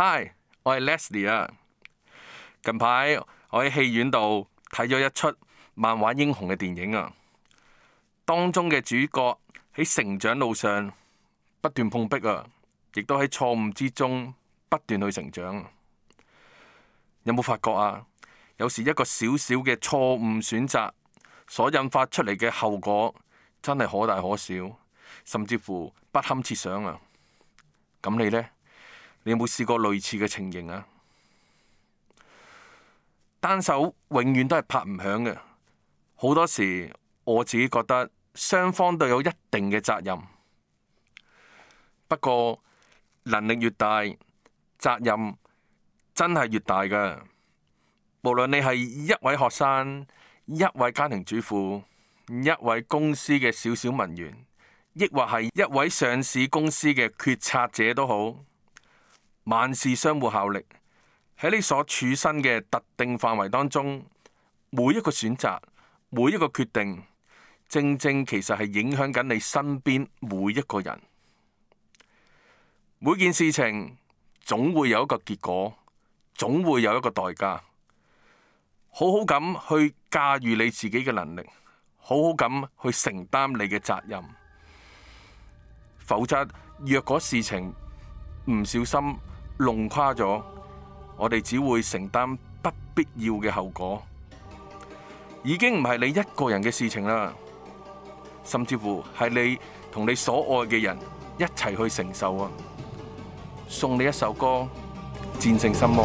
Hi，我係 Leslie 啊。近排我喺戲院度睇咗一齣漫畫英雄嘅電影啊。當中嘅主角喺成長路上不斷碰壁啊，亦都喺錯誤之中不斷去成長。有冇發覺啊？有時一個小小嘅錯誤選擇所引發出嚟嘅後果，真係可大可小，甚至乎不堪設想啊。咁你呢？你有冇試過類似嘅情形啊？單手永遠都係拍唔響嘅。好多時我自己覺得雙方都有一定嘅責任。不過能力越大，責任真係越大嘅㗎。無論你係一位學生、一位家庭主婦、一位公司嘅小小文員，亦或係一位上市公司嘅決策者都好。萬事相互效力，喺你所處身嘅特定範圍當中，每一個選擇，每一個決定，正正其實係影響緊你身邊每一個人。每件事情總會有一個結果，總會有一個代價。好好咁去駕馭你自己嘅能力，好好咁去承擔你嘅責任，否則若果事情唔小心。弄垮咗，我哋只會承擔不必要嘅後果，已經唔係你一個人嘅事情啦，甚至乎係你同你所愛嘅人一齊去承受啊！送你一首歌，《戰勝心魔》。